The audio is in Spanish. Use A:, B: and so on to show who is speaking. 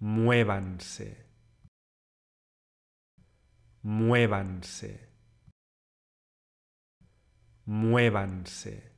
A: muévanse, muévanse, muévanse.